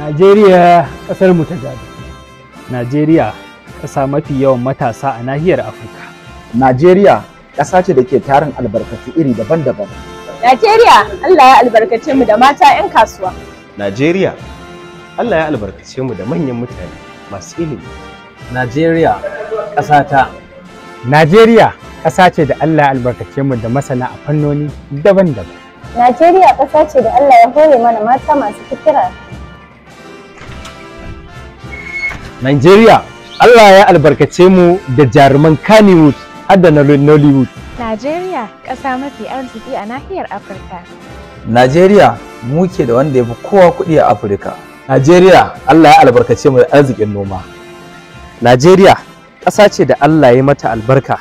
Najeriya ƙasar mu ta gado. Najeriya ƙasa mafi yawan matasa a nahiyar Afirka. Najeriya ƙasa ce da ke tarin albarkatu iri daban-daban. Najeriya Allah ya albarkace mu da mata 'yan kasuwa. Najeriya Allah ya albarkace mu da manyan mutane masu ilimi. Najeriya ta. Najeriya ƙasa ce da Allah ya albarkace mu da masana a fannoni daban-daban. Najeriya ƙasa ce da Allah ya hore mana mata masu fikira Nigeria Allah ya albarkace mu da jaruman Kannywood har da Nollywood. Najeriya ƙasa mafi arziki a nahiyar Afirka. Najeriya mu ke da wanda ya fi kowa kuɗi a Afirka. Najeriya Allah ya albarkace mu da arzikin noma. Najeriya ƙasa ce da Allah ya mata albarka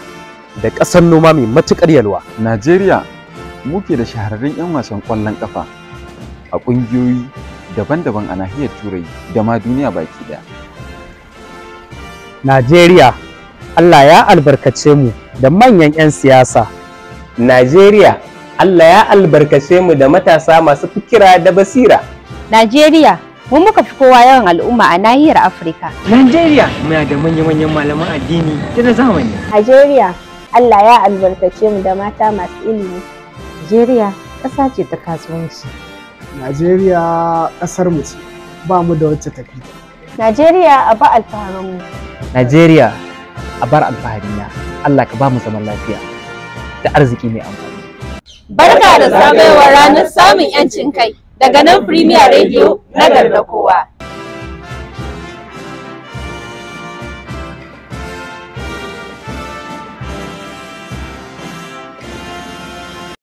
da ƙasar noma mai matuƙar yalwa. Najeriya mu ke da shahararrun 'yan wasan ƙwallon ƙafa a ƙungiyoyi daban-daban a nahiyar Turai da ma duniya baki ɗaya. Najeriya, Allah ya albarkace mu da manyan 'yan siyasa. Najeriya, Allah ya albarkace mu da matasa masu fikira da basira. Najeriya, mun muka fi kowa yawan al'umma a nahiyar Afirka. Najeriya, muna da manya-manyan malaman addini da na zamani. Najeriya, Allah ya albarkace mu da mata masu ilimi. Najeriya, ƙasa ce ta kasuwanci. Najeriya, ƙasar mu ce, ba mu da wacce tafi. Najeriya a ba alfaharinmu. Najeriya a bar alfaharina. Allah ka ba mu zaman lafiya da arziki mai amfani. Barka da sabaiwa ranar samun 'yancin kai daga nan Premier Radio na garda kowa.